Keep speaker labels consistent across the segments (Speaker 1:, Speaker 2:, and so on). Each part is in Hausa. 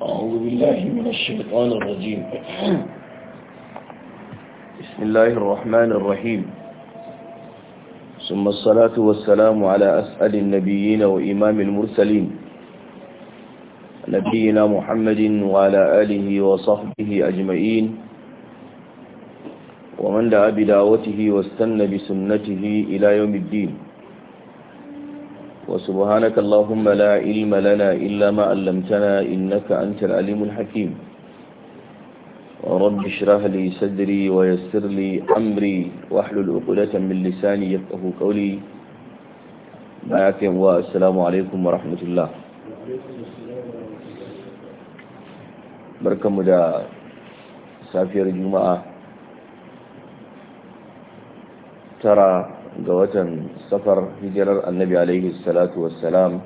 Speaker 1: أعوذ بالله من الشيطان الرجيم بسم الله الرحمن الرحيم ثم الصلاة والسلام على أسأل النبيين وإمام المرسلين نبينا محمد وعلى آله وصحبه أجمعين ومن دعا بدعوته واستنى بسنته إلى يوم الدين وسبحانك اللهم لا علم لنا إلا ما علمتنا إنك أنت العليم الحكيم رب اشرح لي صدري ويسر لي أمري واحلل عقدة من لساني يفقه قولي معكم والسلام عليكم ورحمة الله barkanmu da safiyar juma'a tara ga watan safar hijirar annabi alaihi salatu wassalam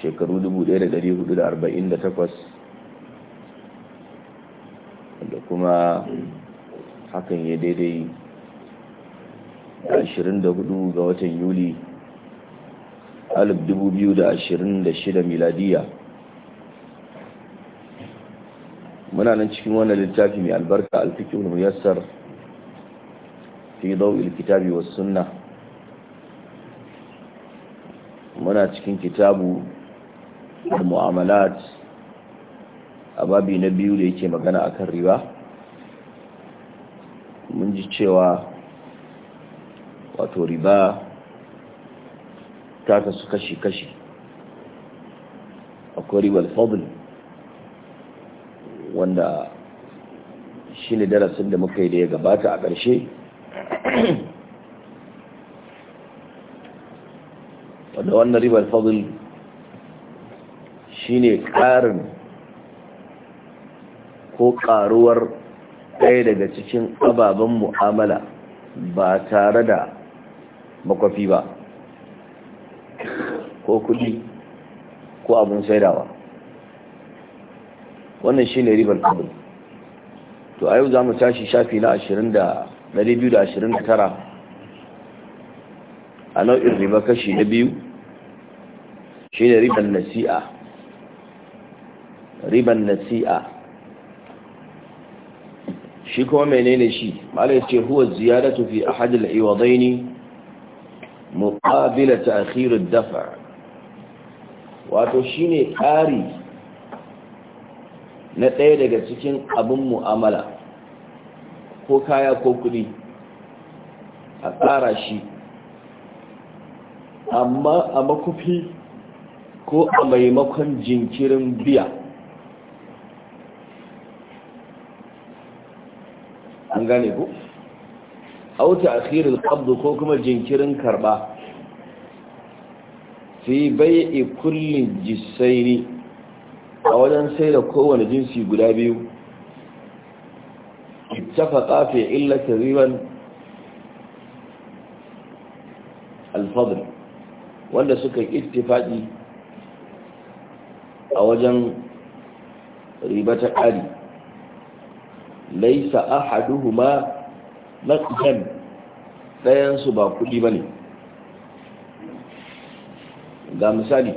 Speaker 1: shekaru 1448 da kuma hakan ya daidai 24 ga watan yuli 2026 miladiya muna nan cikin wannan littafi mai albarka alfikin yassar. fi dawil kitabi was sunna muna cikin kitabu al mu'amalat ababi na biyu da yake magana akan riba mun ji cewa wato riba ta kasu kashi-kashi akwai ribar fadl wanda shi ne darasin da muka yi da ya gabata a ƙarshe wadda wannan ribar fadil shi ne ƙarin ko ƙaruwar ɗaya daga cikin ababen mu'amala ba tare da makwafi ba ko kudi ko abin saidawa wannan shi ne ribar fadil to a yau za mu tashi shafi na ashirin 229 a nau'in riba kashi na biyu shi ne riban nasi'a riban nasi'a shi kuma menene shi ma'ala ya ce huwa ziyadatu fi ahadil iwadaini muqabila ta'khirud daf'a wato shine ƙari na ɗaya daga cikin abin mu'amala ko kaya ko kuɗi a tsara shi amma a makufi ko a maimakon jinkirin biya an gane ku auta akhirin Abdu ko kuma jinkirin karba fi bai'i kullin ne, a wajen sai da kowane jinsi guda biyu اتفقا في علة ربا الفضل wanda suka yi ittifaki a wajen riba ta ƙari laisa ahaduhuma naqdan dayan su ba kudi bane ga misali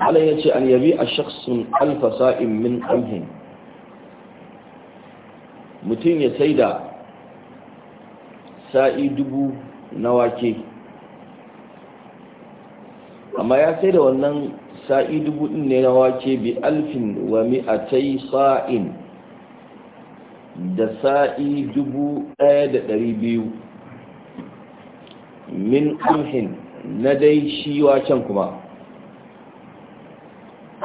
Speaker 1: Allah ya ce an yabi a shakhsun alfasa'in min amhin mutum ya sai da sa'i dubu na wake amma ya sai da wannan sa'i dubu ɗin ne na wake bi alfin wa mi'atai sa'in da sa'i dubu ɗaya da ɗari biyu min amhin na dai shi waken kuma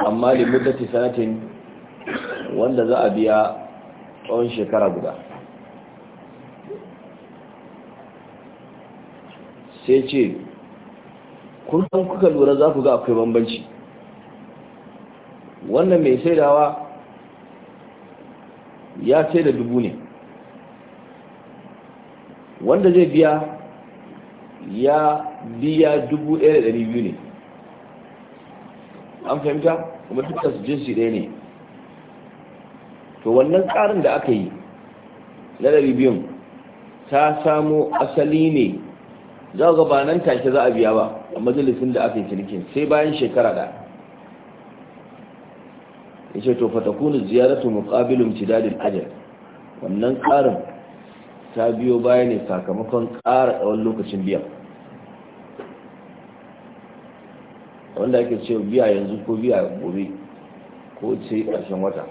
Speaker 1: amma limuddati sanatin wanda za a biya tsawon shekara guda sai ce kullum kuka lura za ku ga akwai bambanci wannan mai saidawa ya sai da dubu ne wanda zai biya ya biya dubu ɗaya da ɗari biyu ne an fahimta kuma dukkan su jinsi ɗaya ne to wannan tsarin da aka yi na ɗari biyun ta samo asali ne za a gabanan nan za a biya ba a majalisun da aka yi cinikin sai bayan shekara da ya ce to fatakunu ziyaratu muqabilum cidadin ajal wannan tsarin ta biyo baya ne sakamakon ƙara tsawon lokacin biya wanda ake ce biya yanzu ko biya gobe ko ce ƙarshen wata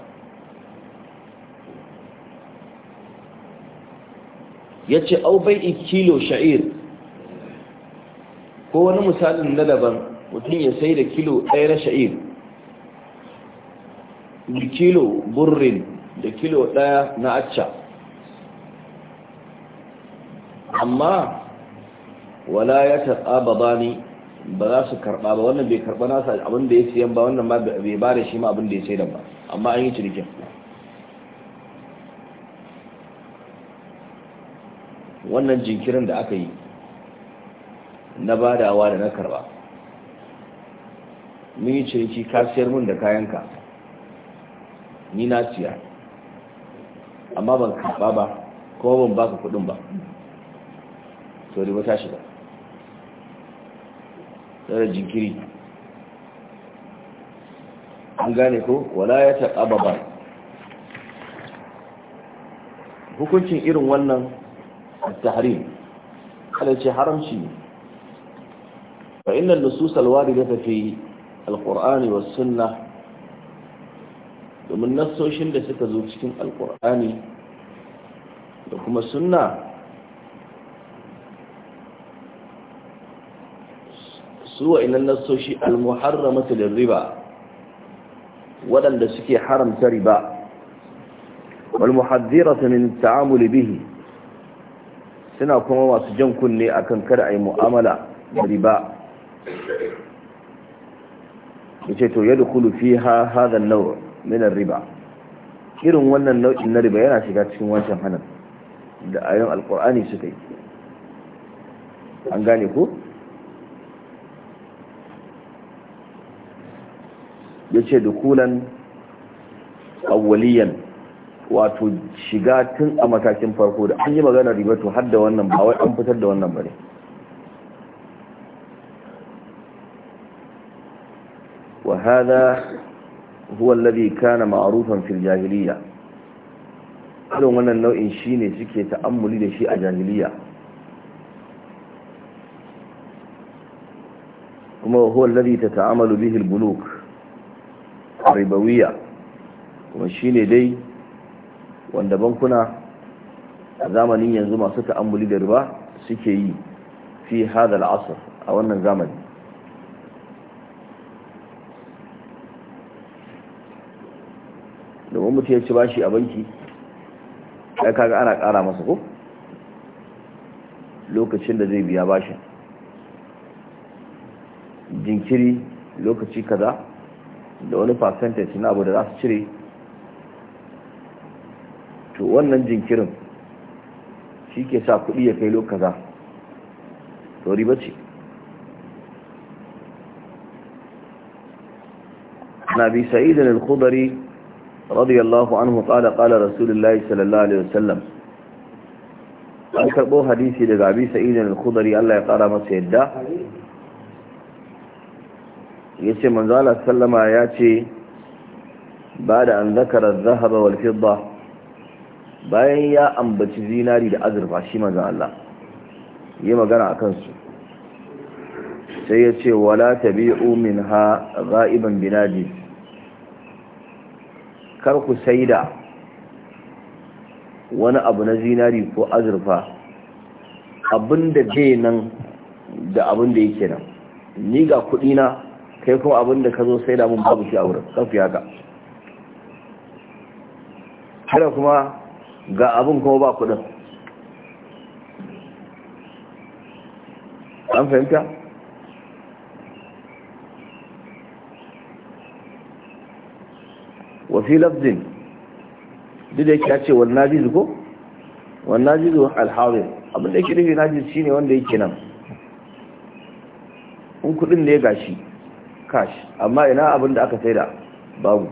Speaker 1: ya ce au bai'i kilo sha'ir ko wani misalin na daban mutum ya sai da kilo ɗaya na sha'ir da kilo burin da kilo ɗaya na acca amma wala ya taɓa ba ni ba za su karɓa ba wannan bai karɓa nasa abin ya siyan ba wannan ba bai ba da shi ma abinda ya sai da ba amma an yi cinikin wannan jinkirin da aka yi na badawa da na karba mun yi ciniki kasiyar mun da kayanka ni na siya amma ban karba ba kuma ban baka kudin ba to riba ta shiga tsara jinkiri an gane ko wala ya taɓa ba hukuncin irin wannan التحريم على حرم شيء فإن النصوص الواردة في القرآن والسنة ومن نصوش اللي ستزوج كن القرآن وكما السنة سوى إلى النصوش المحرمة للربا ولن لسكي حرم تربا والمحذرة من التعامل به suna kuma masu jan kunne a kan kada a yi mu'amala da riba ya ce to yadda kulu fi ha nau riba irin wannan nau'in na riba yana shiga cikin wancan hannun da ayon alkur'ani suka yi an gane ko? ya ce dukulan awwaliyan wato shiga tun a matakin farko da an yi magana riba har da wannan ba wai an fitar da wannan bane wa hada huwa alladhi kana ma'rufan fil jahiliya irin wannan nau'in shine suke ta'ammuli da shi a jahiliya kuma huwa alladhi tata'amalu bihi al-buluk ribawiya kuma shine dai wanda bankuna a zamanin yanzu masu ta'ambuli da riba suke yi fi hada al'asar a wannan zamani domin mutum ya ci bashi a banki ya kaga ana kara masa ko lokacin da zai biya bashin jinkiri lokaci kaza da wani percentage na abu da za su cire to wannan jinkirin shi ke sa kuɗi ya kai lokaza to riba ce na bi sa'idin al-khudari radiyallahu anhu qala qala rasulullahi sallallahu alaihi wasallam an karɓo hadisi daga abi Sa'idun al-khudari Allah ya ƙara masa yadda ya ce manzo Allah sallama ya ce ba da an zakara zahaba wal fidda bayan ya ambaci zinari da azurfa shi manzan Allah yi magana a kansu sai ya ce wala ta tabi'u min ha za'iban binadi kar ku saida wani abu na zinari ko azurfa abinda bai nan da abin da yake nan ni ga na kai kuma abin da ka zo saida mun babu shi a wurin kafi haka kada kuma ga abin kuma ba kudin an fahimta wafi lafzin duk da yake ce wani najizu ko wani najizu alhawin abinda yake rufe najizu shi ne wanda yake nan in kudin ne gashi kashi amma ina abin da aka sai da babu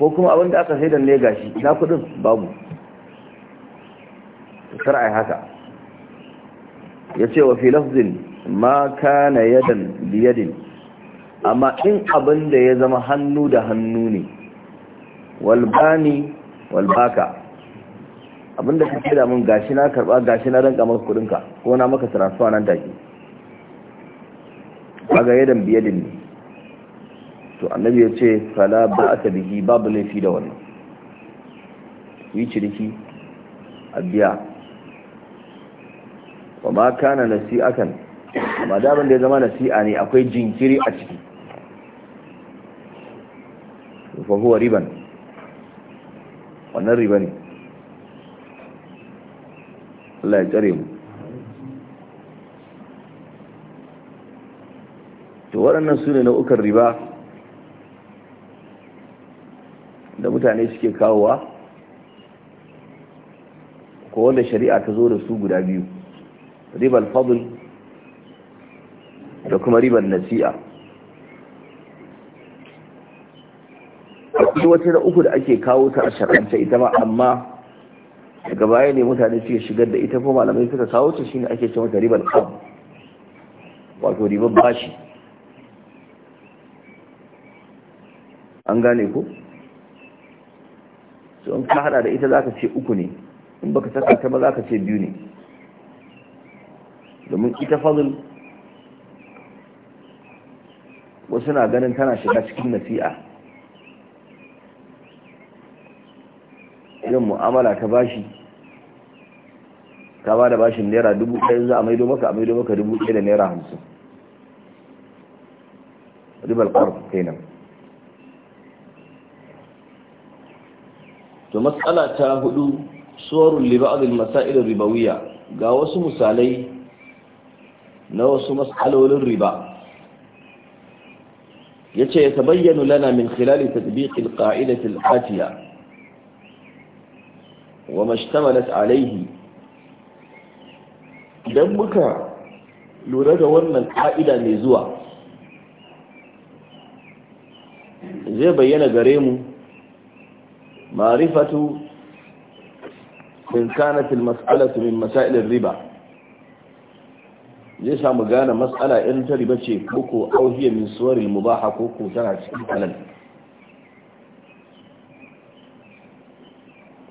Speaker 1: ko kuma abin da aka saidan ne gashi na kudin babu kar ai haka ya ce wa filafzin ma kana yadan biyadin amma in abin da ya zama hannu da hannu ne walbani walbaka abin da kake da mun gashi na karba gashi na ranka maka kudinka ko na maka transfer nan take kaga yadan biyadin ne to annabi ya ce fala ba a bihi babu laifi da wannan yi ciriki a biya ba ma kana nasi'atan amma daban da ya zama nasi'a ne akwai jinkiri a ciki fa huwa riban wannan riba ne Allah ya tsare mu to waɗannan su ne na'ukan riba mutane suke kawowa ko wanda shari'a ta zo da su guda biyu ribar fadl da kuma ribar nasi'a akwai wata da uku da ake kawo ta a shar'anta ita ma amma daga baya ne mutane suke shigar da ita ko malamai suka kawo ta shine ake cewa ribar qab wato ribar bashi an gane ko to in ka hada da ita zaka ce uku ne in baka saka ta ba zaka ce biyu ne domin ita fadl wasu na ganin tana shiga cikin nasi'a irin mu'amala ta bashi ka ba da bashin naira dubu ɗaya za a maido maka a maido maka dubu ɗaya da naira hamsin ribar ƙarfi nan. to matsala ta hudu suwarun liba'adil masailin ribawiya ga wasu misalai na wasu matsalolin riba ya ce ya tabayyanu lana min khilali tatbiqil qa'idatil atiya wa mashtamalat alaihi idan muka lura da wannan ƙa'ida mai zuwa zai bayyana gare mu معرفة إن كانت المسألة من مسائل الربا ليس مجانا مسألة إن تربتي كوكو أو هي من صور المباحة كوكو تنعش الحلال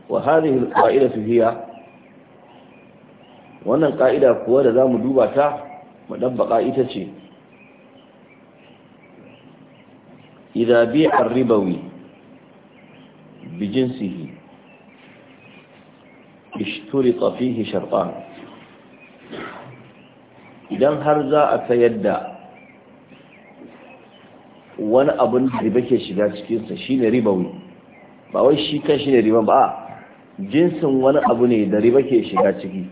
Speaker 1: وهذه القائلة هي وأن القائلة قوة لا مدوبة مدبقة إتشي إذا بيع الربوي بجنسه اشترط فيه شرطان idan har za a sayar da wani abin da riba ke shiga cikinsa shine ribawi ba wai shi kan shi ne riba ba jinsin wani abu ne da riba ke shiga ciki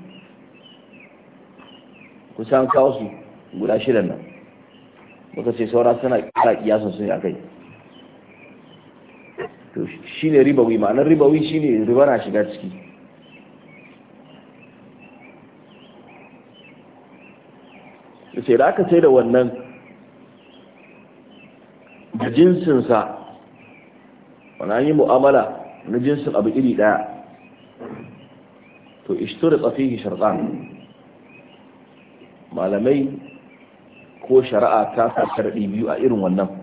Speaker 1: kusan kawo su guda shidan nan muka ce saura suna kira kiyasan su ne a kai to shine ribawi ma'anar ribawi shine riba na shiga ciki ce da aka sai da wannan da jinsinsa wani an yi mu'amala na jinsin abu iri daya to ishturit fihi sharqan malamai ko shari'a ta sa sharadi biyu a irin wannan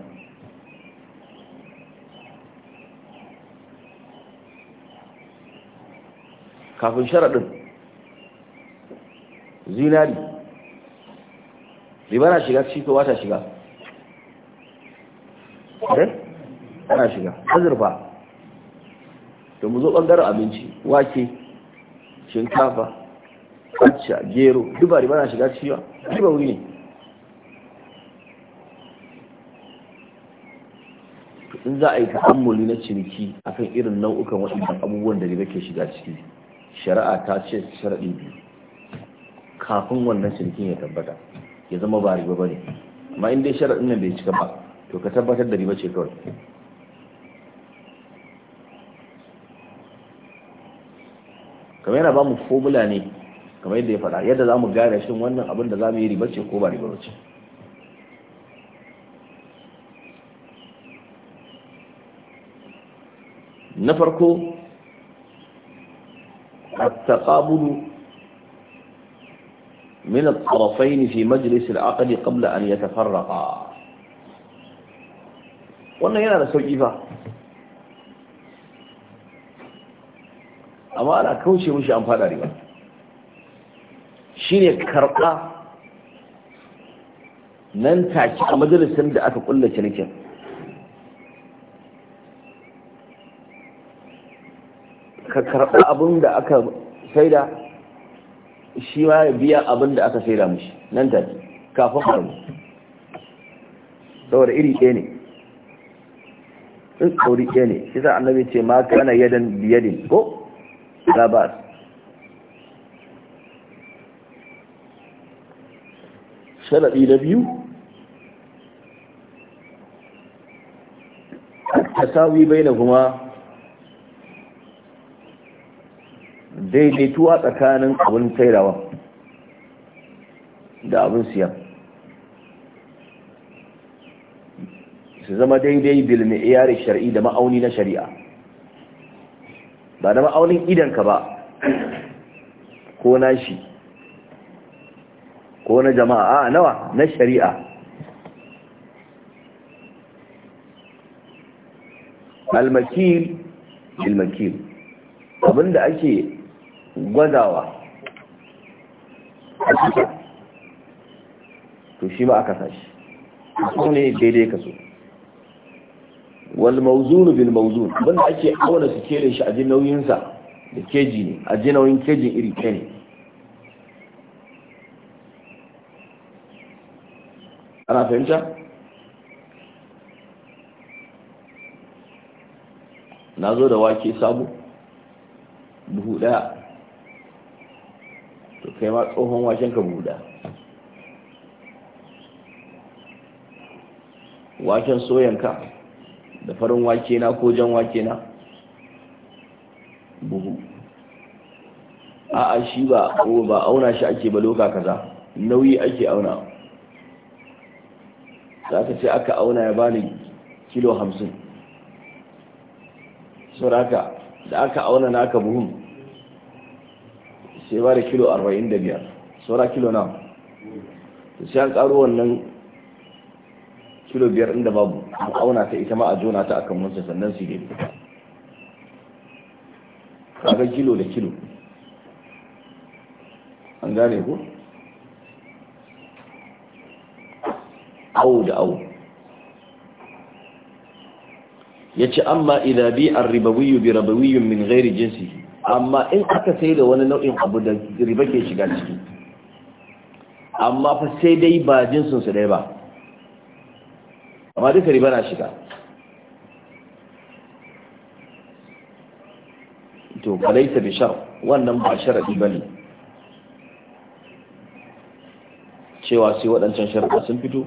Speaker 1: kafin sharaɗin zinari riba na shiga cikin ko shiga eh ana shiga azurfa to mu zo ɓangaren abinci wake shinkafa acca gero Duba riba na shiga ciki ba riba wuri ne in za a yi ta'ammuli na ciniki akan irin nau'ukan waɗannan abubuwan da riba ke shiga ciki shari'a ta ce sharaɗi biyu kafin wannan cinikin ya tabbata ya zama ba riba ba ne amma inda ya sharaɗin nan bai cika ba to ka tabbatar da riba ce kawai kamar yana ba mu fomula ne kamar yadda ya faɗa yadda za mu gane shin wannan abin da za mu yi riba ce ko ba riba ba ce na farko التقابل من الطرفين في مجلس العقد قبل أن يتفرقا wannan yana da sauƙi fa amma ana kauce mushi an fada riba shine karɓa nan take a majalisar da aka ƙulla cinikin ka karɓi abin da aka shaida shi ma ya biya abin da aka shaida mushi nan ta kafin harbu saboda iri ɗaya ne in tsauri ɗaya ne shi sa annabi ce ma kana yadan biyadin ko labar sharaɗi na biyu tasawi bai na kuma daidaituwa tsakanin abin sayarwa da abin siyan su zama daidai bilmi iyari shari'i da ma'auni na shari'a ba da ma'aunin idanka ba ko na shi ko na jama'a a nawa na shari'a almakil ilmakil abinda ake gwadawa a cikin to shi ba aka sashi so ne daidai ka so wal mawzun bil mawzun wanda ake auna su kere shi a ji nauyinsa da keji ne a ji nauyin kejin iri ɗaya ne ana fahimta na zo da wake sabu buhu ɗaya to kai ma tsohon washen ka buɗa waken soyanka da farin wake na ko jan wake na buhu a'a shi ba ba auna shi ake ba loka kaza nauyi ake auna za ka ce aka auna ya bani kilo hamsin sauraka da aka auna naka buhun sai ba da kilo 45 saura kilo na to sai an karo wannan kilo biyar inda babu mu auna ta ita ma a jona ta akan wancan sannan su ne kaga kilo da kilo an gane ku awu da awu ya ce amma idabi an ribawiyu bi rabawiyu min gairi jinsi amma in aka sai da wani nau'in abu da riba ke shiga ciki amma fa sai dai ba sun su dai ba amma duka riba na shiga to kalaita bi shar wannan ba sharadi ne cewa sai waɗancan sharadi sun fito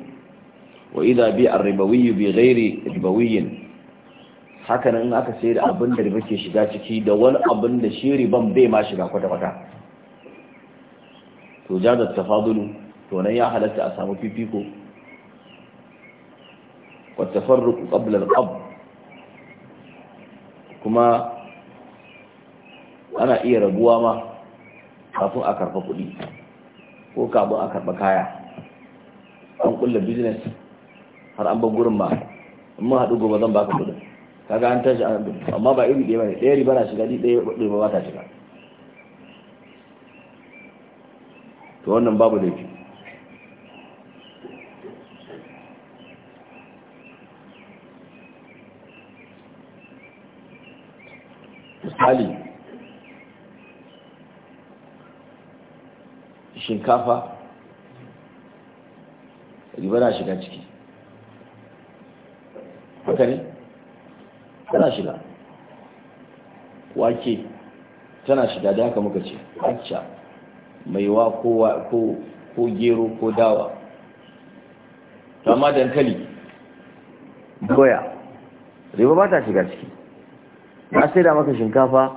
Speaker 1: wa idha bi ar-ribawi bi ghairi ribawiyin haka nan aka sai da abin da riba ke shiga ciki da wani abin da shi riban bai ma shiga kwata-kwata to ta tafadulu to nan ya halatta a samu fifiko wata farruku ƙablar ƙab kuma ana iya raguwa ma kafin a karfa kuɗi ko kafin a karɓa kaya an ƙulla business har an ba gurin ma in mun haɗu gobe zan baka kuɗin kaga an tashi amma ba iri ɗaya ba ne, ɗaya riba na shiga ɗaya riba ba ta shiga to wannan babu laifi misali shinkafa riba na shiga ciki haka ne tana shiga wake tana shiga da haka muka ce acca wa, ko gero ko dawa amma dankali doya riba ba ta shiga ciki na sai da maka shinkafa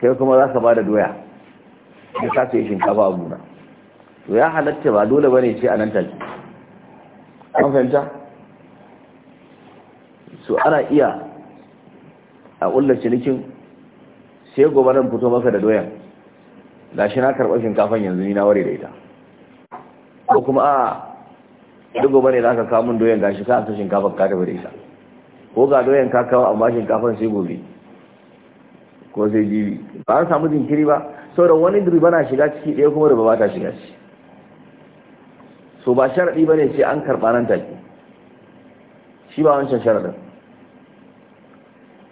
Speaker 1: kai kuma za ka ba da doya da ka sai shinkafa a gona to ya halatta ba dole ba ne ce a nan an fahimta su ana iya a ƙullar cinikin sai gobe nan fito maka da doyan shi na karɓar shinkafan yanzu ni na ware da ita ko kuma a duk gobe ne za ka kawo min doyan gashi ka asa shinkafan ka tafi da ita ko ga doyan ka kawo amma shinkafan sai gobe ko sai jibi ba an samu jinkiri ba sauran wani riba na shiga ciki ɗaya kuma riba ba ta shiga ciki so ba sharaɗi ba ne sai an karɓa nan take shi ba wancan sharaɗin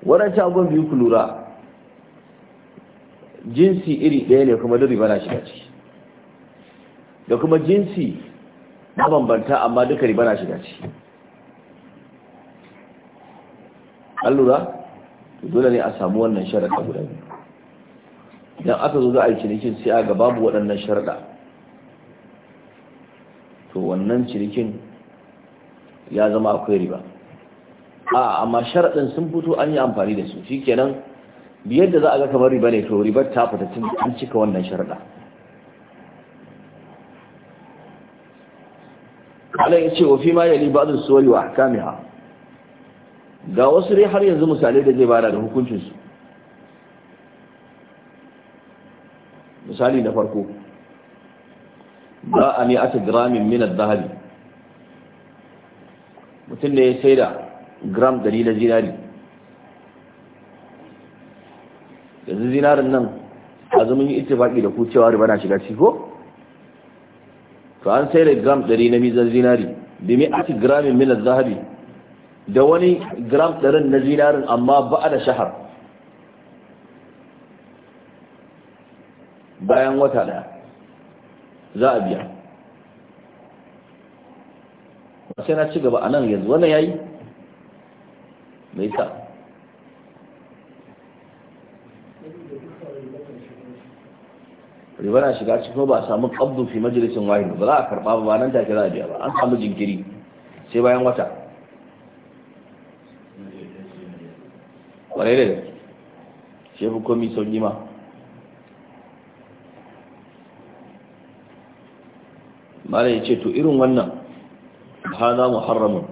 Speaker 1: waɗancan abubuwan biyu ku lura jinsi iri ɗaya ne kuma duk bana na shiga ciki da kuma jinsi na bambanta amma duka riba na shiga ciki an lura dole ne a samu wannan sharaɗa guda biyu idan aka zo za a yi cinikin sai a ga babu waɗannan sharaɗa to wannan cinikin ya zama akwai riba a amma sharaɗin sun fito an yi amfani da su shi kenan, biyar da za a ga kamar riba ne to ribar ta fita tun an cika wannan sharaɗa Allah ya ce wa fi ma yali ba'd as-suwari wa kamiha ga wasu dai har yanzu misalai da zai bada da hukuncinsu. misali na farko ba a ne ta gramin minar zahari mutum ne ya sai da gram dari na zinari yanzu zinarin nan a zumin yi ittifaki da ku cewa riba na shiga ciko to an sai da gram dari na mizan zinari da mai ake gramin minar zahabi da wani gram ɗarin na zinarin amma ba a da shahar bayan wata daya za a biya sai na ci gaba a nan yanzu wannan yayi me yasa riba na shiga cikin ba a samu kabdu fi majalisin wahid ba za a karba ba nan take za a biya ba an samu jinkiri sai bayan wata kwarai da gaske fi komi sau ma mala ya ce to irin wannan ba za mu haramun.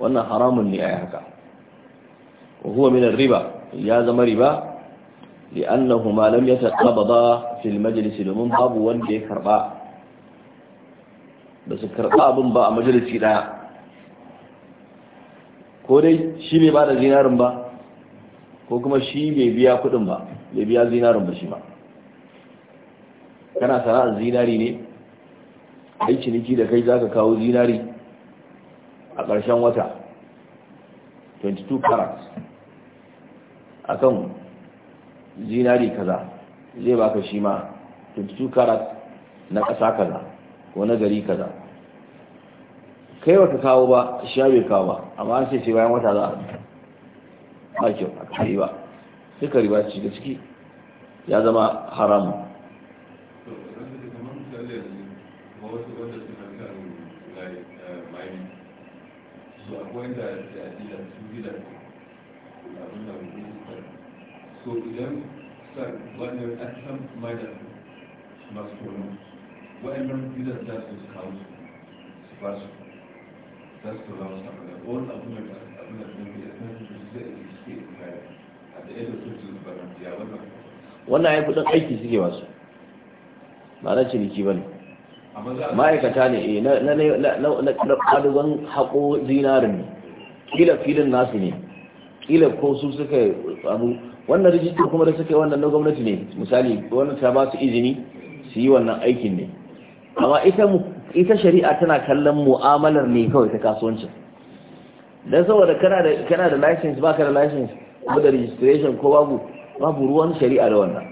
Speaker 1: wannan haramun ne a haka wa huwa riba ya zama riba li'annahu ma lam yataqabada fil majlis domin babu wanda ya karba ba su karba abin ba a majalisi daya ko dai shi bai bada zinarin ba ko kuma shi bai biya kudin ba bai biya zinarin ba shi ma kana sana'ar zinari ne ai ciniki da kai zaka kawo zinari karshen ƙarshen wata 22 karat kan zinari kaza zai baka shi ma 22 karat na ƙasa kaza ko na gari kaza kai baka kawo ba shi bai kawo ba amma an ce bayan wata za a ba kyau a kai ba suka riba ci da ciki ya zama haramu
Speaker 2: akwai da jadila su abin da so idan sa wannan masu su za su wani ya san su a da wannan
Speaker 1: wannan kudin aiki suke masu ba na ciniki ba ne
Speaker 2: ma'aikata
Speaker 1: ne eh, na ƙadugan haƙo zinarin ne ƙila filin nasu ne ƙila ko su suka abu wannan rijistar kuma da suka yi wannan na gwamnati ne misali wannan ta ba su izini su yi wannan aikin ne amma ita shari'a tana kallon mu'amalar ne kawai ta kasuwancin don saboda kana da license ka da license ko da registration ko babu babu ruwan shari'a da wannan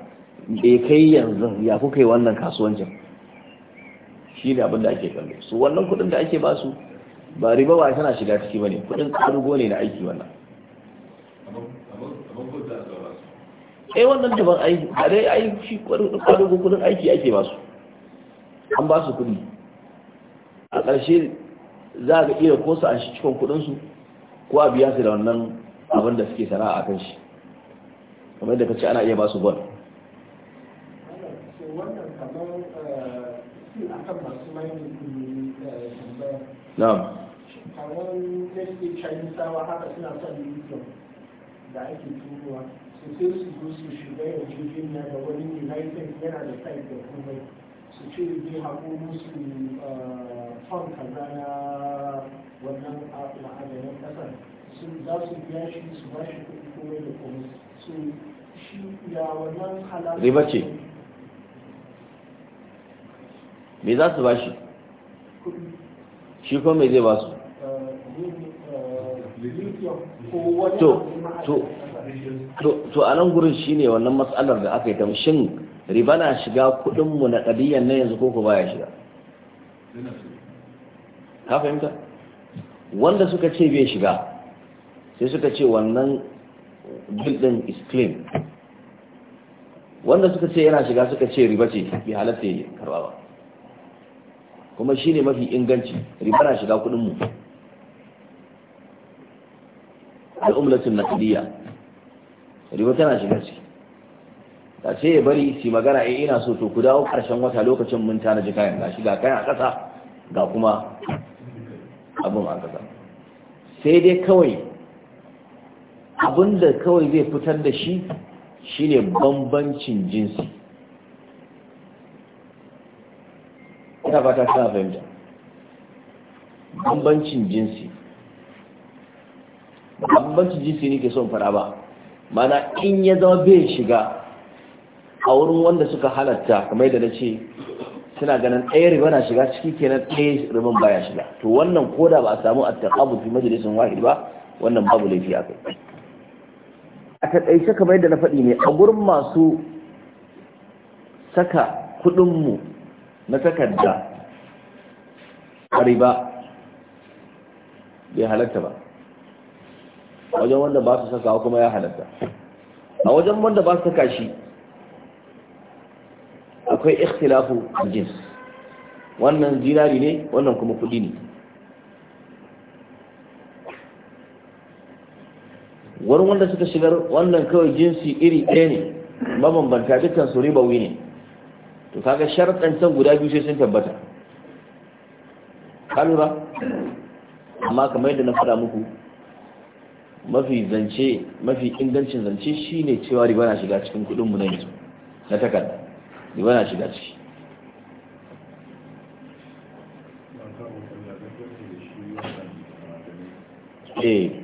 Speaker 1: bai kai yanzu ya kuka yi wannan kasuwancin shi ne abinda da ake kallo su wannan kuɗin da ake basu ba riba ba tana shiga ciki bane kuɗin kargo ne na aiki wannan eh wannan daban aiki a dai aiki karugo kuɗin aiki ake basu an basu kudi a ƙarshe za ka iya ko su an shi cikin kuɗinsu ko a biya su da wannan abin da suke sana'a a kan shi kamar da ka ce ana iya basu gwal.
Speaker 2: na'am kamar yadda chinese haka suna son lithium da ake turowa su sai su zo su shiga yarjejeniya da wani united yana da kai da komai su ce zai haƙo musu ah, fon kaza na wannan ma'adanin ƙasar su za su biya shi su ba shi kuɗi komai da komai su shi ya wannan halar riba
Speaker 1: ce me za su ba shi shi kuma me zai ba su
Speaker 2: to to
Speaker 1: to a nan gurin shine wannan matsalar da aka yi ta shin riba na shiga mu na ƙadiyyar nan yanzu koko baya shiga ka fahimta wanda suka ce bai shiga sai suka ce wannan bildin is clean wanda suka ce yana shiga suka ce riba ce bi halatta ya karba ba kuma shi ne mafi inganci riba na shiga kudinmu mu al'umlatul riba tana shiga ciki ta ce ya bari su magana eh ina so to ku dawo karshen wata lokacin mun tana ji kayan gashi ga kayan a kasa ga kuma abin a kasa sai dai kawai abinda kawai zai fitar da shi shine bambancin jinsi ta fata suna fahimta bambancin jinsi bambancin jinsi ne ke son fara ba mana in ya zama bai shiga a wurin wanda suka halatta kamar da na ce suna ganin ɗaya riba na shiga ciki kenan ɗaya ba baya shiga to wannan koda ba a samu a taƙabu fi majalisun wahid ba wannan babu laifi a kai a taƙaice kamar yadda na faɗi ne a gurin masu saka kuɗinmu na takarda ba bai halatta ba wajen wanda ba su saka kuma ya halatta a wajen wanda ba su saka shi akwai ikhtilafu jins wannan zinari ne wannan kuma kudi ne wurin wanda suka shigar wannan kawai jinsi iri ɗaya ne mabambanta dukkan su ribawi ne to kaga sharɗan can guda biyu sai sun tabbata ka amma kamar yadda na faɗa muku mafi zance mafi ingancin zance shine cewa riba na shiga cikin kudin mu na yanzu na takarda riba na shiga ciki
Speaker 2: eh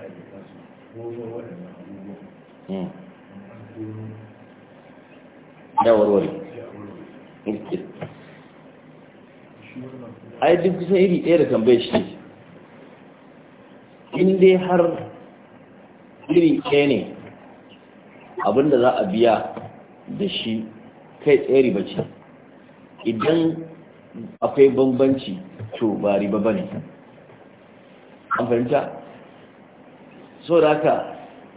Speaker 2: ma'aikata hmm. da warware
Speaker 1: yi duk kusan iri ɗaya da tambayar shi in dai har iri ɗaya ne abinda za a biya da shi kai tsaye riba ce idan akwai bambanci to ba riba ba ne an fahimta so da haka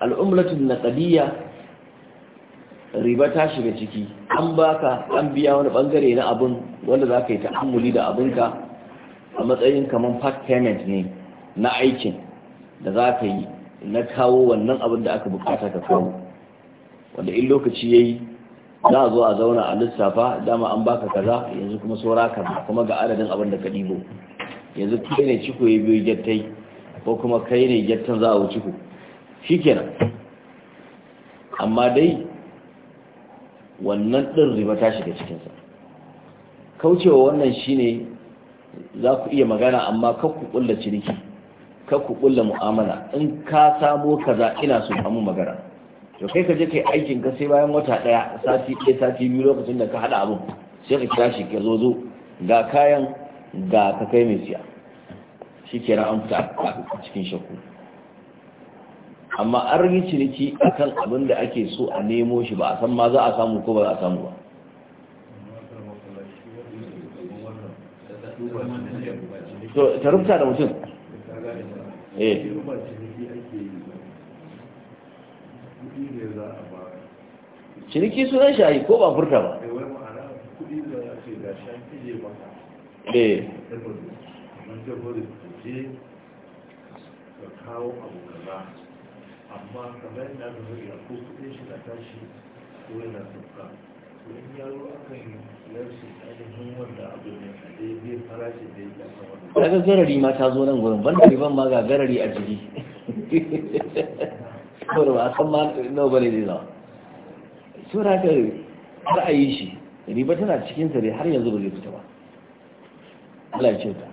Speaker 1: na tsadiya, riba ta shiga ciki an baka an biya wani bangare na abun wanda za ka yi ta'amuli da abinka a matsayin kamar part payment ne na aikin da za ka yi na kawo wannan abin da aka bukata ka kawo wanda in lokaci ya yi za a zo a zauna a lissafa dama an baka kaza yanzu kuma saura kaza kuma ga adadin abin da ka ɗibo yanzu kai ne ciko ya biyo gyattai ko kuma kai ne gyattan za a wuce ku shi kenan amma dai wannan ɗin riba ta shiga cikinsa kaucewa wannan shine za ku iya magana amma kakku ƙulla ciniki kakku ƙulla mu'amala in ka samo kaza ina su samu magana to kai ka je kai aikin ka sai bayan wata ɗaya sati ɗaya sati biyu lokacin da ka haɗa abin sai ka kira shi ka zo zo ga kayan ga ka kai mai siya shi kenan an fita a cikin shakku amma an yi ciniki a kan abin da ake so a nemo shi ba a san ma za a samu ko ba za a samu ba
Speaker 2: ta rufta da mutum eh
Speaker 1: ciniki sunan shayi ko ba furta ba
Speaker 2: eh je ka kawo abu gaba amma kamar yadda aka zai ya ko kudin shi na tashi ko yana sauka to yi yaro akan yarsu ainihin wanda abu ne a daidai farashin da ya kasa wani ga
Speaker 1: garari ma ta zo nan gurin ban da ban ma ga garari a jiri kawai ba san ma nawa zai zama Su na har ra'ayi yi shi riba tana cikin dai har yanzu ba zai fita ba Allah ya ce ta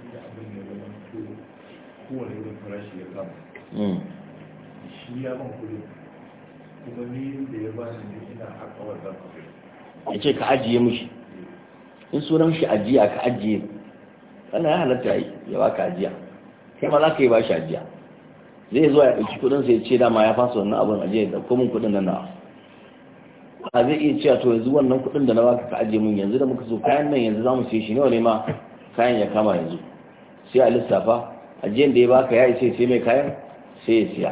Speaker 2: kowane irin farashi ya kama hmm. shi ya ban kuma ni da ya ba ni ina haƙa wannan kuɗi
Speaker 1: ya ce ka ajiye mushi in sunan shi ajiya ka ajiye wannan ya halatta yi ya ba ka ajiya sai ma za ka yi ba shi ajiya zai zuwa ya ɗauki kuɗin sai ce dama ya fasa wannan abin ajiya da komin kuɗin nan na a zai iya cewa to yanzu wannan kuɗin da na baka ka ajiye mun yanzu da muka so kayan nan yanzu za mu siye shi ne wani ma kayan ya kama yanzu sai a lissafa ajiyan da ya baka ya isa sai mai kayan sai ya siya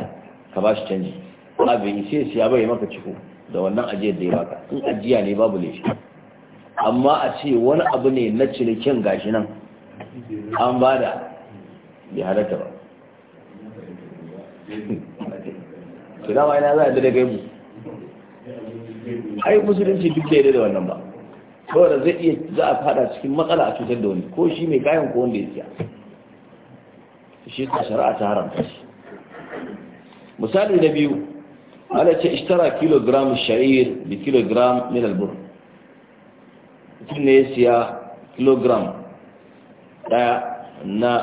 Speaker 1: ka ba shi canji ba bai sai ya siya bai maka ciko da wannan ajiyar da ya baka in ajiya ne babu laifi amma a ce wani abu ne na cinikin gashi nan an ba da bai halatta ba su yana ina za a da gaibu ai musulunci duk da yadda da wannan ba saboda zai iya za a fada cikin matsala a cutar da wani ko shi mai kayan ko wanda ya siya shi ka shari'a ta haramta shi misali na biyu ana ce ishtara kilogram sha'ir da kilogram min albur mutum ne ya siya kilogram daya na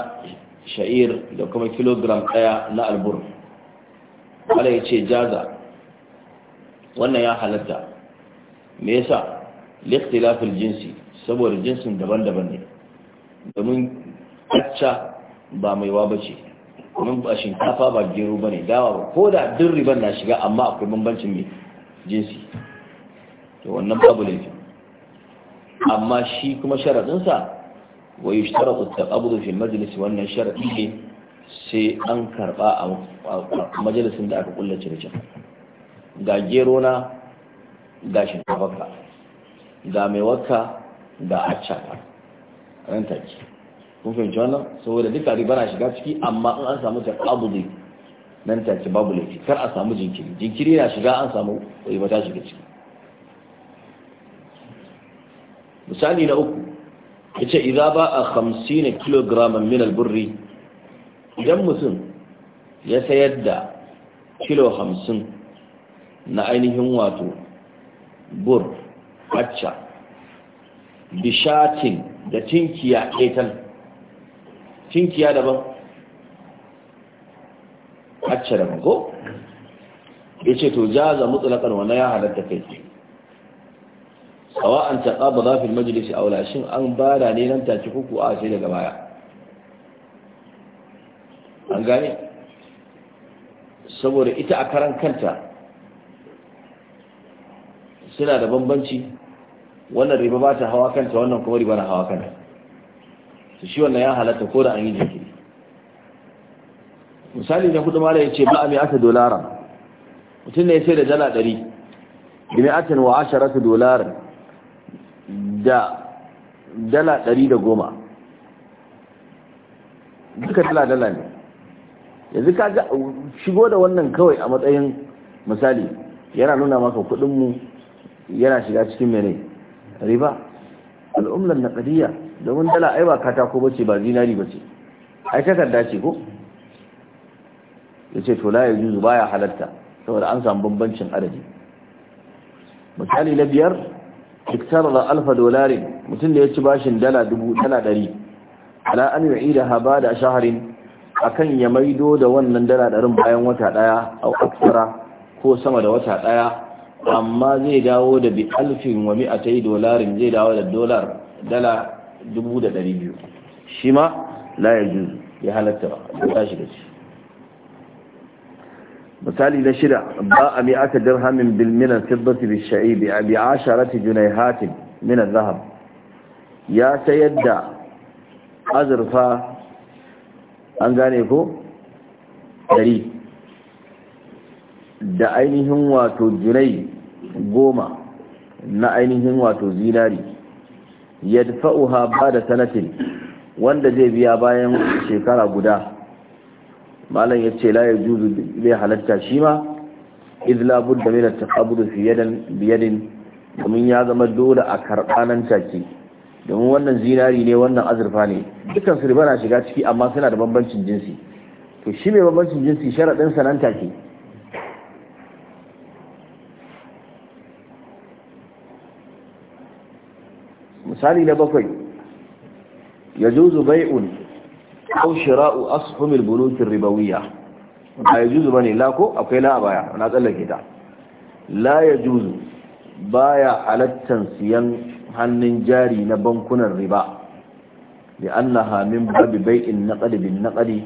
Speaker 1: sha'ir da kuma kilogram daya na albur wala ya ce jaza wannan ya halatta me yasa liktilafil jinsi saboda jinsin daban-daban ne domin kacca ba maiwa ba ce domin ba shinkafa ba gero ba ne dawa ba ko da duk riban na shiga amma akwai bambancin mai jinsi to wannan babu laifin amma shi kuma sharaɗinsa wai yi sharaɗu ta abudu fi majalisi wannan sharaɗi ne sai an karɓa a majalisin da aka kulla cire ga gero na ga shinkafa ga mai wakka ga acca ran take kun fahimci wannan saboda duka riba na shiga ciki amma in an samu abu ne nan ce babu laifi kar a samu jinkiri jinkiri na shiga an samu riba ta shiga ciki misali na uku yace idza ba'a 50 kg min al idan mutum ya sayar da kilo 50 na ainihin wato bur acca bishatin da tinkiya etal tinkiya daban hacce daban ko ya ce to jaza na karwana ya halatta kai sawa an taɓa ba zafin majalisi a wulashin an bada ne nan ci kuku a sai daga baya an gane saboda ita a karan kanta suna da bambanci wannan riba ba ta hawa kanta wannan kuma riba na hawa kanta su shi wannan ya halatta ko da an yi jinkiri misali na kudu mara ya ce ba a mai ata dolara mutum ne ya sai da dala ɗari da mai atan wa asharata dolara da dala ɗari da goma duka dala dala ne yanzu ka shigo da wannan kawai a matsayin misali yana nuna maka kudinmu yana shiga cikin mene riba al'umlar na ƙariya domin dala aiwa ba katako bace ba zinari bace ai takarda ce ko yace to la yuzu baya halatta saboda an samu bambancin adadi misali na biyar iktarara alfa dolari mutum da ya ci bashin dala dubu dala dari. ala an yu'ida haba da shaharin akan ya maido da wannan dala ɗarin bayan wata daya a aksara ko sama da wata daya. amma zai dawo da bi alfin wa mi'atai dolarin zai dawo da dolar dala dubu da ɗari biyu shi ma la ya juzu ya halatta ba ya tashi shi misali na shida ba a mi'ata dirhamin bil minan fiddati bi sha'ibi bi asharati junayhatin min adh-dhahab ya sayar da azurfa an gane ko ɗari da ainihin wato junai goma na ainihin wato zinari yadfa'uha ba'da sanatin wanda zai biya bayan shekara guda malam yace la yajuzu bi halatta shi ma idh la budda min at taqabbud fi yadan bi yadin domin ya zama dole a karɓa nan take domin wannan zinari ne wannan azurfa ne dukkan su na shiga ciki amma suna da bambancin jinsi to shi mai bambancin jinsi sharaɗin sa nan take misali na bakwai ya juzu bai'un aw shira'u ashumil bunutir ribawiya ba ya juzu bane la ko akwai la a baya na tsallake ta la ya juzu ya halattan siyan hannun jari na bankunan riba li'annaha min babi bai'in naqdi bin naqdi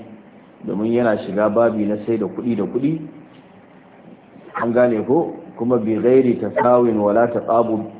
Speaker 1: domin yana shiga babi na sai da kuɗi da kuɗi an gane ko kuma bi ta tasawin wala ta taqabud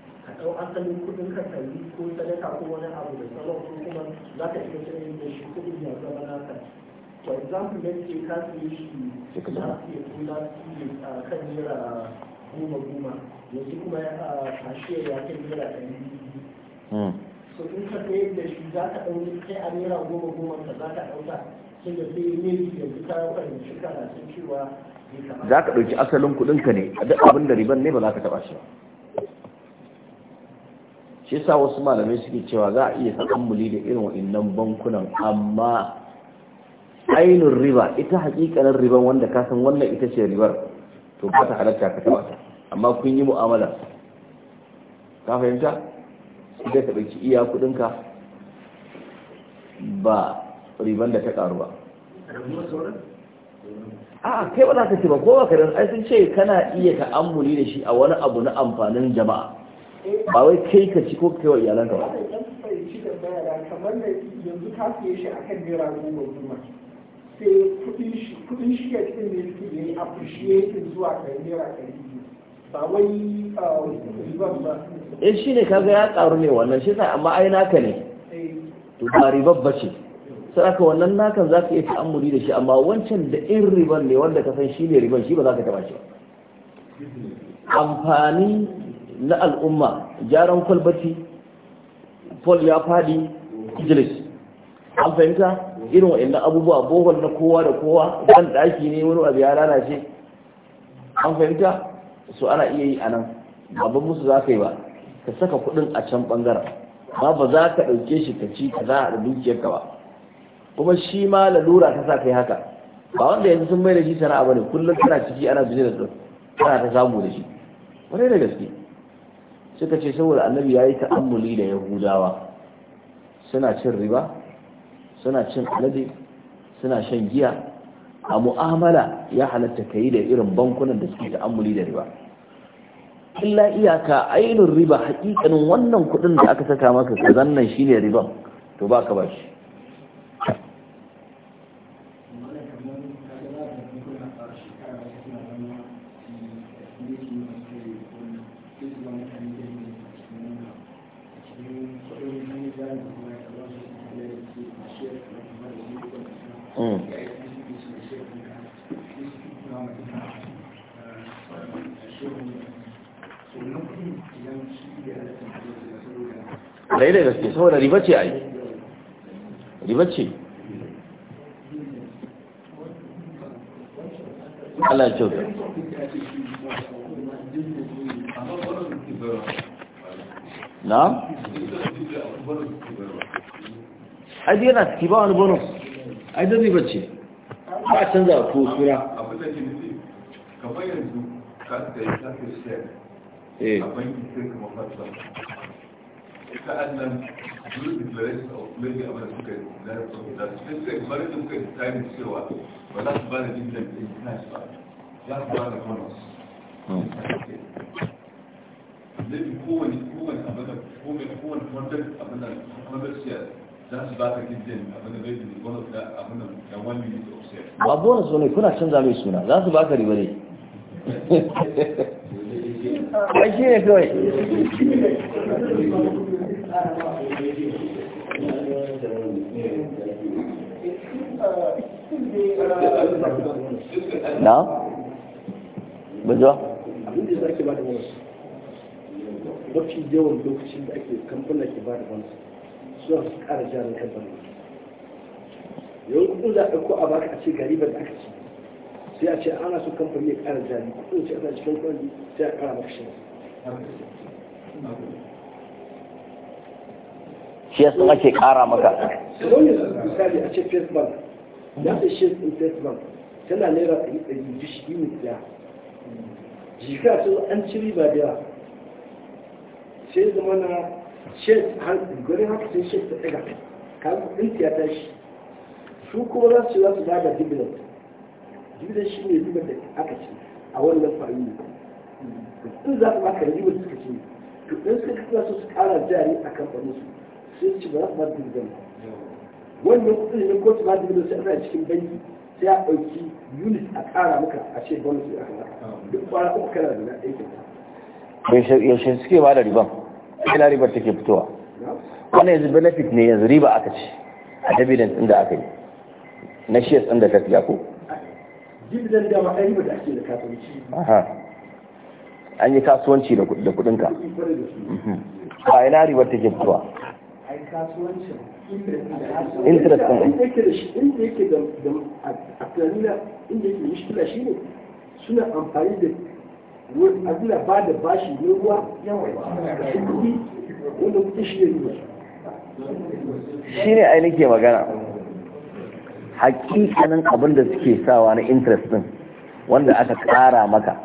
Speaker 2: ka ɗau asalin kuɗin ka kalli ko sadaka ko wani abu da sabon ko kuma za ka iya sanin da shi kuɗin ya zama naka for example let's say ka siye shi last year ko last year kan naira goma goma yanzu kuma a shiyar ya kai naira ɗari hmm. so in ka sayar da shi za ka ɗau kai a naira goma goma ka za ka ɗauka sai da sai ne yanzu ka fahimci karatun cewa za ka
Speaker 1: ɗauki asalin kuɗinka ne a duk abin da riban ne ba za ka taɓa shi ba shi yasa wasu malamai suke cewa za a iya ta'ammuli da irin wa'innan bankunan amma ainihin riba ita hakikanin riban wanda ka san wannan ita ce ribar to ba ta halatta ka taba ta amma kun yi mu'amala ka fahimta idan ka ɗauki iya kuɗinka ba riban da ta ƙaru ba a kai ba za ka ce ba ko ba ka ai sun ce kana iya ta'ammuli da shi a wani abu na amfanin jama'a ba wai kai ka ci ko kai wa iyalanka ba
Speaker 2: da da kamar yanzu ka siye shi a akan naira goma goma sai kuɗin shi ya cikin da yake ya yi appreciating zuwa kan naira ɗari ba wai ah, riban ba
Speaker 1: eh shi ne kaga ya ƙaru ne wannan shi sa amma ai naka ne eh. to ba riban ba ce saraka wannan nakan za ka iya ta'ammuli da shi amma wancan da in riban ne wanda ka san shi ne riban shi ba za ka taɓa shi ba amfani na al'umma gyaran kwalbati paul ya faɗi idris an fahimta irin na abubuwa bohol na kowa da kowa ban ɗaki ne wani abu ya lalace an fahimta su ana iya yi a nan babban musu za ka yi ba ka saka kuɗin a can ɓangaren ba ba za ka ɗauke shi ka ci ka za a ka ba kuma shi ma lalura ta sa kai haka ba wanda yanzu sun mai da shi sana'a ba ne kullum tana ciki ana business ɗin, tana ta samu da shi wani da gaske suka ce saboda annabi ya yi ta'ammuli da yahudawa suna cin riba suna cin alade suna shan giya a mu'amala ya halatta ka yi da irin bankunan da suke ta'ammuli da riba illa iyaka ainihin riba hakikanin wannan kudin da aka saka maka ka zannan shine riban to ba ka ba shi kwarai da gaske saboda riba ce a yi riba ce
Speaker 2: Allah ya kyauta na?
Speaker 1: aji yana ba wani bonus ai da riba ce
Speaker 2: ba a canza ko sura kamar yanzu ka eh. a banki sai kuma fasa كأن during declaration of maybe a matter suka that specific marriage time cewa ba za su ba ɗin nice ba za su ba da bonus kowane kowane abin kowane kowane hundred abin da hundred za su ba da jinjan abin da bai da bonus da abin da da one minute of
Speaker 1: ba bonus ne kuna canza mai suna za su ba ka riba ne ai shi ne kawai na? bujo? abinda za
Speaker 2: ke ba da wani mafi yawan lokacin da ake kamfana ke ba da wani suna su kara jarin kamfani yau kudin za a ɗauko a baka a ce gari ba da aka ci sai a ce ana so kamfani ya kara jari kudin ce ana cikin kwanci sai a kara maka shi
Speaker 1: shi yasan ake ƙara maka
Speaker 2: misali a ce first bank ya ce shi in first bank tana naira ɗari ɗari shi ne ɗaya jika sun an ci riba da yawa sai zama na shes gwarin haka sun shes ta ɗaga kamar ɗin tiyata shi su kuma za su za su bada dividend dividend shi ne riba da aka ci a wannan fa'ili in za su baka riba suka ci to ɗin suka kasa su ƙara jari a kamfanin su Sun ci ba ba dividend wannan kuɗin ne ko ci ba dividend sai ana cikin banki sai a ɗauki unit a ƙara maka a ce bonus ya aka duk kwana uku kana da na aikin
Speaker 1: ta yaushe suke ba da riban ina ribar take fitowa wannan yanzu benefit ne yanzu riba aka ce a dividend inda aka yi na shares inda ka siya ko
Speaker 2: dividend da ma riba da ake da kasuwanci
Speaker 1: an yi kasuwanci da kuɗinka a
Speaker 2: mhm.
Speaker 1: ina ribar take fitowa
Speaker 2: kasuwancin interest ɗin inda yake da inda a tunanina inda yake mishkila shi ne suna amfani da abin ba da bashi na ruwa kuɗi wanda kuɗi shi ne shi
Speaker 1: ne ai nake magana hakikanin abin da suke sawa na interest wanda aka ƙara maka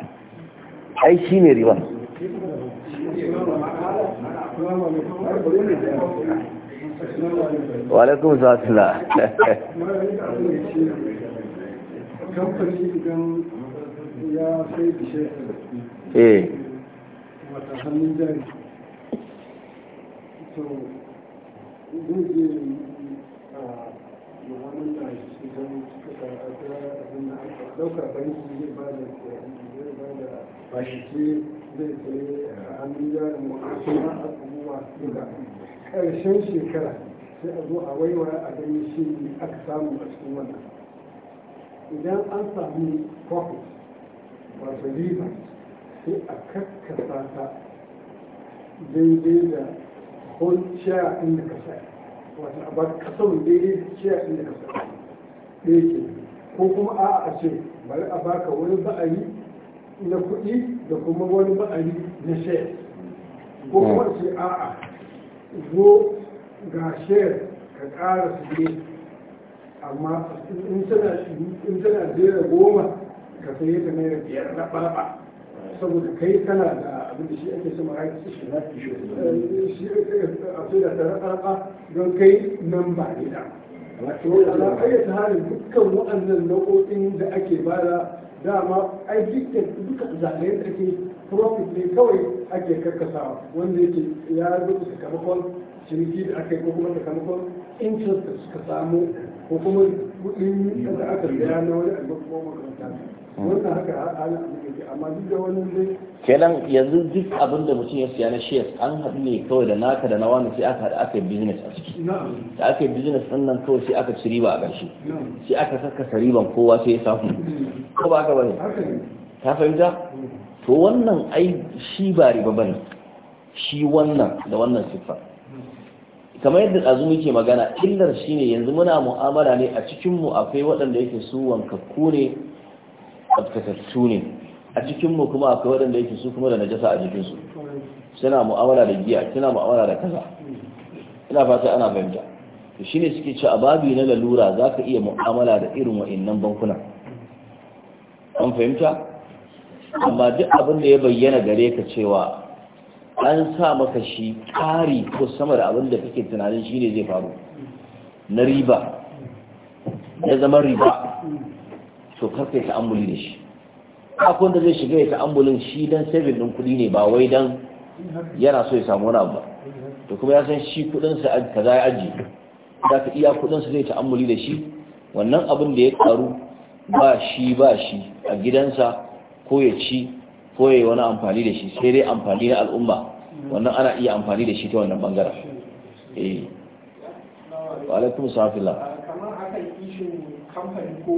Speaker 1: ai shi ne ribar.
Speaker 2: wa alaikum salam kamfani idan ya sai da eh wata hannun jari zai a muhammadu da shi suka abin da aka banki zai ba da zai ba da bashi zai sai hannun jari ƙarshen shekara sai a zo a waiwa a ganin shi aka samu a cikin wannan idan an sami profit wato riba sai a kakkasa ta daidai da whole share inda ka kasa wato a bar kasan daidai da share inda ka kasa ɗaya ke ko kuma a a ce bari a baka wani ba'ari na kuɗi da kuma wani ba'ari na share ko kuma ce a'a zo ga shayar ka ƙara su ne amma in tana jera goma ka sai ta naira biyar na ɓarɓa saboda kai tana da abin da shi ake sama eh, a su shi na shi a sai da tara ɓarɓa don kai nan ba ne da. Wato, ala ayyata halin dukkan waɗannan nau'o'in da ake bada dama ai duka duka zane da ke profit ne kawai ake karkasawa wanda yake ya rubuta sakamakon ciniki da aka ko kuma sakamakon interest da suka samu ko kuma kudin da aka biya na wani albarkuma makaranta
Speaker 1: kenan yanzu duk abin da mutum ya siya na shares an haɗu ne kawai da naka da na wani sai aka haɗu aka yi business a ciki da aka yi business ɗin nan kawai sai aka ci riba a ƙarshe sai aka saka riban kowa sai ya samu
Speaker 2: hmm.
Speaker 1: ko ba ka bane ta fahimta hmm. to wannan ai shi ba riba bane shi wannan da wannan siffa hmm. kamar yadda ɗazu muke magana illar shine yanzu muna mu'amala ne a cikinmu akwai waɗanda yake su wankakku ne tsaftatattu ne a cikin mu kuma akwai waɗanda yake su kuma da najasa a jikinsu suna mu'amala da giya suna mu'amala da kaza ina fata ana fahimta to shine suke ci a babi na lalura zaka iya mu'amala da irin wa'annan bankuna an fahimta amma duk abin da ya bayyana gare ka cewa an sa maka shi ƙari ko sama da abin da kake tunanin shine zai faru na riba ya zama riba so karka yi ta'ammuli da shi akwai da zai shiga ya ta'ammulin shi don sabin din kuɗi ne ba wai dan yana so ya samu wani abu ba to kuma ya san shi kudinsa a kaza ya aji za ka iya kuɗin sa zai ta'ammuli da shi wannan abin da ya karu ba shi ba shi a gidansa ko ya ci ko ya yi wani amfani da shi sai dai amfani na al'umma wannan ana iya amfani da shi ta wannan bangaren
Speaker 2: eh wa alaikum salam kamar akan ishin kamfani ko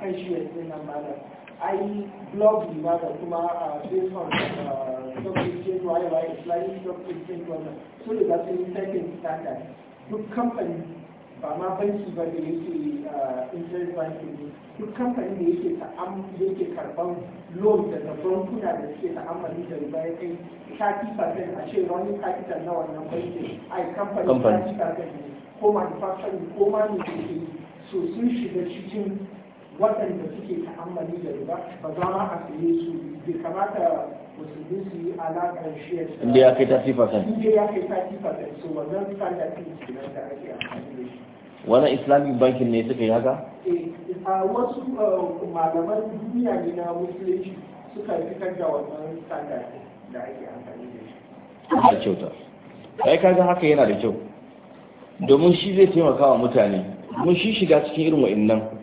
Speaker 2: kan shi ya yanzu nan malam ai blog ne ba da kuma a facebook uh, stockpin ce to ai wai islamic stockpin ce to wannan su da za su yi second standard duk kamfani ba ma banki ba da yake uh, internet banking ne duk kamfani ne yake yake karban loan daga bankuna da suke ta'ammali da riba ya kai 30% a ce wani capital na wannan bankin ai kamfani 30% ne ko manufacturing ko manufacturing so sun shiga cikin waɗanda suke ta'ammali da riba ba za ma a saye su bai kamata musulmi su yi alaƙar shiyar da inda ya kai ta sifa kan inda ya kai ta sifa kan so wannan standard ɗin kenan da ake amfani da
Speaker 1: shi wannan islamic bankin ne suka yi haka?
Speaker 2: Eh, a wasu uh, malaman duniya ne na musulunci suka fitar da wannan standard da ake amfani da
Speaker 1: shi a kyauta sai kaga haka yana da kyau domin shi zai taimaka wa mutane mun shi shiga cikin irin wa'annan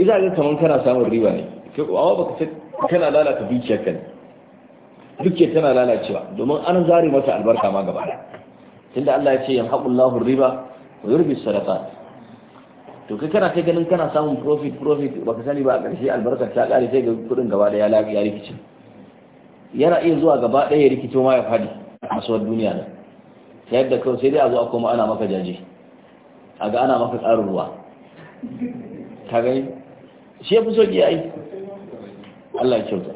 Speaker 1: iza za ga kamar kana samun riba ne awa baka ce kana lalata dukiyar ka ne dukiyar tana lalacewa domin an zare mata albarka ma gaba tunda Allah ya ce yan haƙullahu riba wa yurbi sadaka to kai kana kai ganin kana samun profit profit ka sani ba a ƙarshe albarkar ta ƙare sai ga kuɗin gaba ɗaya ya rikice yana iya zuwa gaba ɗaya ya rikito ma ya faɗi a kasuwar duniya nan ta yadda kawai sai dai a zo a koma ana maka jaje a ga ana maka tsarin ruwa ka gani shi ya fi ya yi Allah ya kyauta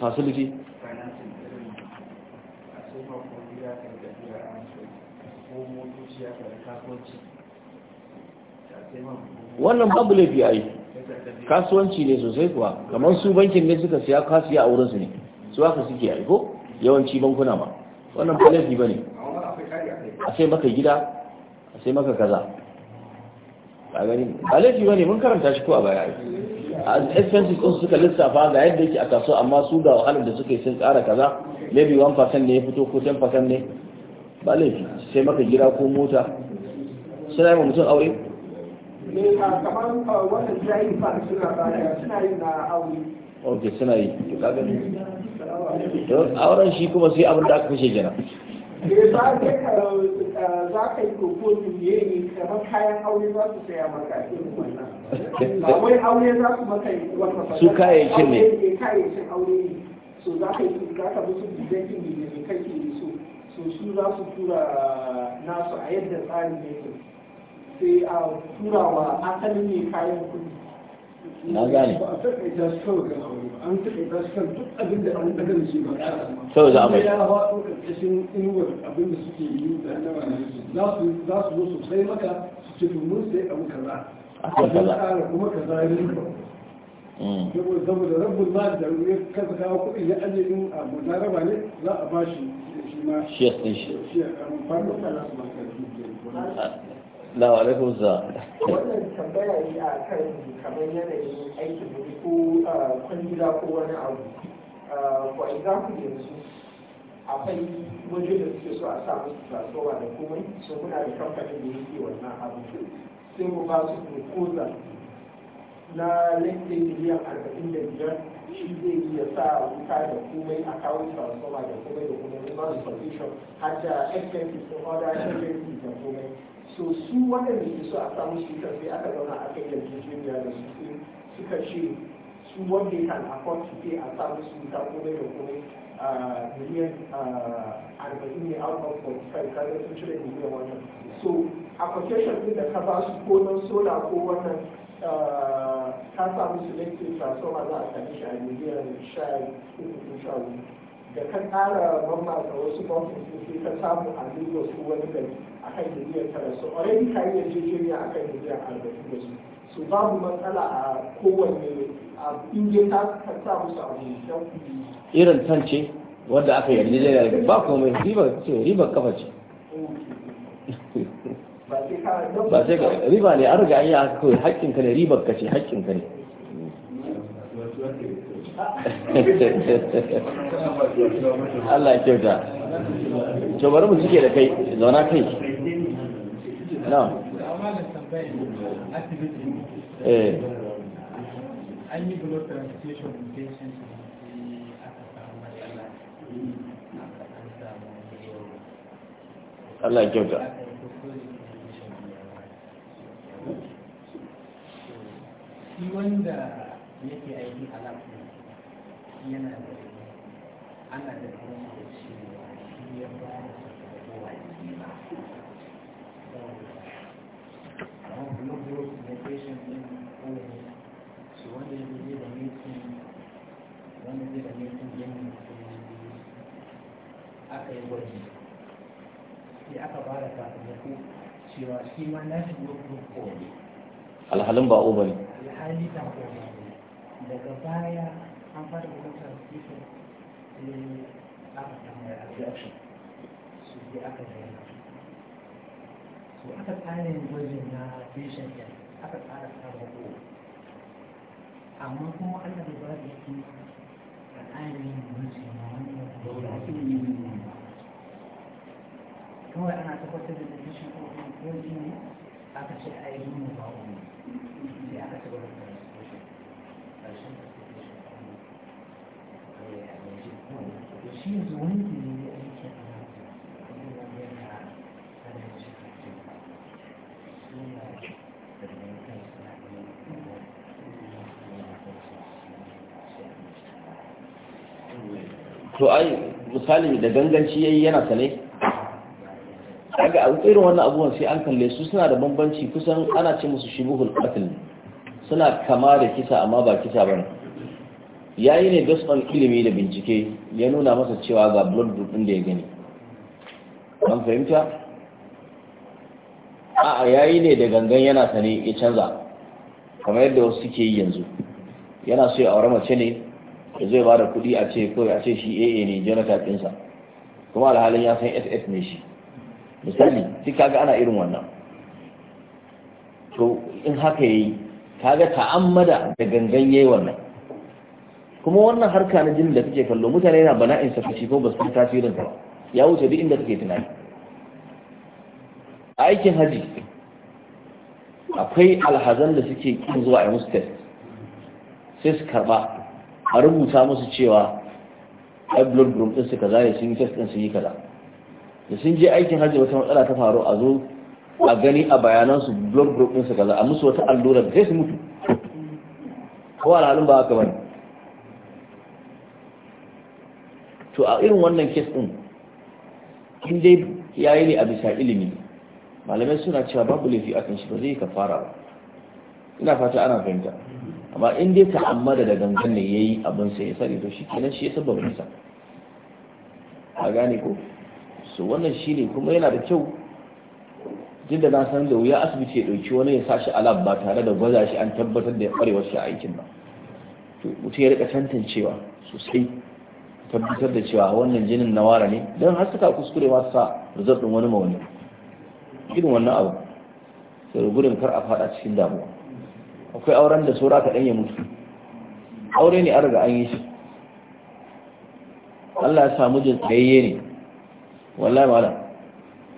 Speaker 2: facility wannan babu laifi a yi kasuwanci
Speaker 1: ne sosai kuwa kamar su bankin ne suka siya kasiya a wurinsu ne su haka suke a ko yawanci bankuna ma wannan ba laifi ba ne a sai maka gida a sai maka kaza ba gani ba laifi ba ne mun karanta shi ko a baya expenses ɗin suka lissafa ga yadda yake a kasuwa amma su ga wahalar da suke sun ƙara kaza maybe 1% ne ya fito ko 10% ne ba laifi sai maka gida ko mota suna yi mutum aure? ok suna yi to ka gani auren shi kuma sai abin da aka fashe gina
Speaker 2: Eh, za ka yi koko kokodin ne kamar kayan aure za su saya maka irin wannan ba wai aure za su maka yi wata fata su kayayyakin ne kayayyakin aure ne so za ka yi za ka musu bidankin ne da kake yi so so su za su tura eh, nasu a yadda tsarin ne sai a tura wa asalin ne kayan kuɗi na gane sau za a mai saboda rabbin ma da ya kasa kawo kuɗi ya ajiye in abu na raba ne za a ba shi shi ma shi ya tsin shi
Speaker 1: na alaikun za.
Speaker 2: wannan tambaya yi a kan kamar yanayin aikin da ko uh, kwangila ko wani abu uh, for example yanzu akwai waje da suke so a sa musu tasowa da komai so muna da kamfanin da yake wannan abu sai mu ba su proposal na lantin miliyan arba'in da biyar shi zai iya sa wuta da komai a kawo transformer da komai da komai ba su solution har da expenses da order expenses da komai so su waɗanda ke so a samu cutar sai aka zauna a kai yarjejeniya da su suka ce su wanda kan afford to pay a samu su ta kome da kome a miliyan arba'in ne out of forty five sun cire miliyan wannan so a application din da ka ba su ko nan sola ko wannan ka samu selective transformer za a sami shi a miliyan sha uku ko sha da ka ƙara mamata wasu bankin sai ka samu a duba su wani gari a kan miliyan tara su already ka yi jejeriya a kan miliyan arba'in da su su babu matsala a kowanne a inda ta ka sa musu a miliyan
Speaker 1: irin tan ce wanda aka yarda da yarda ba komai riba ce riba kafa ce
Speaker 2: ba sai ka riba ne an riga an yi kawai
Speaker 1: haƙƙinka ne ribar ka ce haƙƙinka ne
Speaker 2: Allah kyauta to bari mu cike da kai zauna kai eh. Allah kyauta shi wanda yake aiki yana da ana da kuma da cewa shi ya ba da meditation din wanda ya zai da wanda zai da aka yi gwaji sai aka ba da sakamako cewa shi ma na shi alhalin ba ba daga baya an fara bukatar kifin ne aka kama a reaction su je aka daina su aka tsara yin gwajin na patient ɗin aka tsara tsara ko amma kuma allah da ba da yake a tsarin yin gwajin na wannan daura ake yi kawai ana tabbatar da patient ko kuma gwajin ne aka ce a yi yin ba wani sai aka tabbatar da patient shi
Speaker 1: to ai misali da ganganci yayi yana sane daga a irin wannan abubuwan sai an kalle su suna da bambanci kusan ana ce musu shibuhul qatl suna kama da kisa amma ba kisa bane ya yi ne based on ilimi da bincike ya nuna masa cewa ga blood group ɗin da ya gani an fahimta a ya yi ne da gangan yana sane ya canza kamar yadda wasu suke yi yanzu yana so ya aure mace ne ya zai ba da kuɗi a ce kawai a ce shi aa ne jonathan ɗinsa kuma alhalin ya san ss ne shi misali sai kaga ana irin wannan to in haka yayi kaga ta'ammada da gangan yayi wannan kuma wannan harka na jini da kake kallo mutane yana bana'in sakaci ko basu su tasirin ba ya wuce duk inda kake tunani a aikin haji akwai alhazan da suke kin zuwa a musu test sai su karba a rubuta musu cewa ai blood group din su kaza ne sun yi test din su yi kaza da sun je aikin haji wata matsala ta faru a zo a gani a bayanan su blood group din su kaza a musu wata allura da sai su mutu ko alhalin ba haka bane to a irin wannan kes din in dai ya yi ne a bisa ilimi malamai suna cewa babu laifi a kan shi ba zai ka fara ba ina fata ana fahimta amma in dai ta'ammada da gangan ne yayi abin sai ya sani to shi kenan shi ya saba ba nisa a gane ko so wannan shi ne kuma yana da kyau jin da na san da wuya asibiti ya ɗauki wani ya sa shi alab ba tare da gwaza shi an tabbatar da ya ƙwarewar shi a aikin ba to mutum ya rika tantancewa sosai tabbatar da cewa wannan jinin na wara ne don har suka kuskure masu sa result ɗin wani mawani irin wannan abu sai gudun kar a fada cikin damuwa akwai auren da saura ka ya mutu aure ne an riga an yi shi Allah ya samu jin tsayayye ne wallahi malam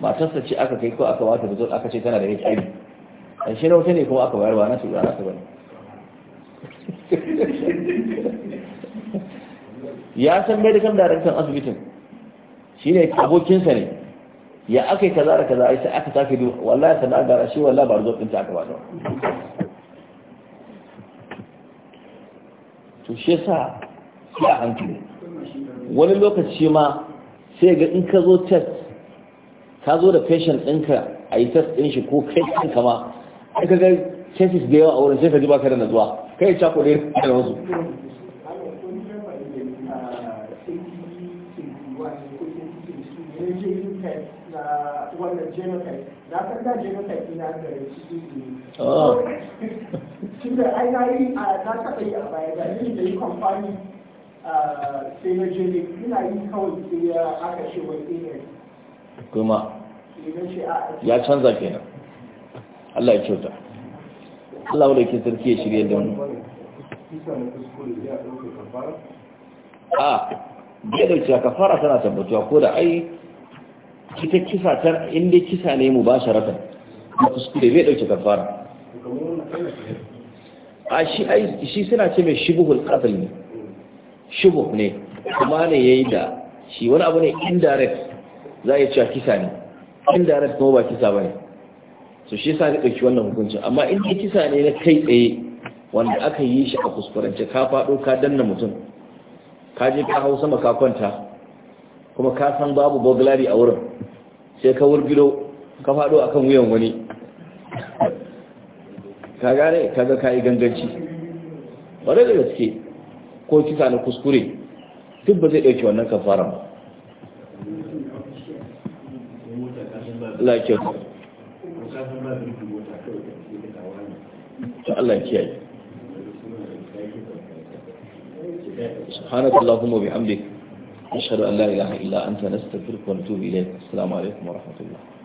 Speaker 1: matarsa ce aka kai ko aka wata result aka ce tana da HIV an shi na wuta ne kuma aka bayar ba na su ba na su ba ne ya san kan director asibitin shi ne abokinsa ne ya aka yi kaza da kaza ai sai aka sake duba wallahi sana'a gara shi wallahi ba a zoɓin ta aka ba to shi sa shi a hankali wani lokaci ma sai ga in ka zo test ka zo da patient ɗinka a yi test ɗin shi ko kai kama ma aka ga cases da yawa a wurin sai ka ji ka da natsuwa kai ya cakuɗe da wasu
Speaker 2: wannan genotype na san da genotype ina da shi ne tunda oh. ai na yi na taɓa yi a baya da ni da yi kamfani sai na je ne ina yi kawai sai ya aka ce wai an kuma ya
Speaker 1: canza kenan Allah ya kyauta
Speaker 2: Allah wadda ke sarki ya shirya da mu. a ah,
Speaker 1: biya dauki a kafara tana tabbatuwa ko da ai ita kisa ta inda kisa ne mu ba sharata ba kuskure bai dauke kafara a shi ai shi suna ce mai shibuhul qatl ne shubuh ne kuma ne yayi da shi wani abu ne indirect za a yi kisa ne indirect kuma ba kisa bane so shi yasa ne dauki wannan hukuncin amma in dai kisa ne na kai tsaye wanda aka yi shi a kuskurance ka faɗo ka danna mutum ka je ka hau sama ka kwanta kuma ka san babu burglary a wurin sai ka wurgido ka fado akan wuyan wani ka gane ka ga kayi ganganci wanda da gaske ko kisa na kuskure duk ba zai ɗauki wannan kafara
Speaker 2: ba lakin ta Allah kiyaye
Speaker 1: اللهم وبحمدك أشهد أن لا إله إلا أنت نستغفرك ونتوب إليك السلام عليكم ورحمة الله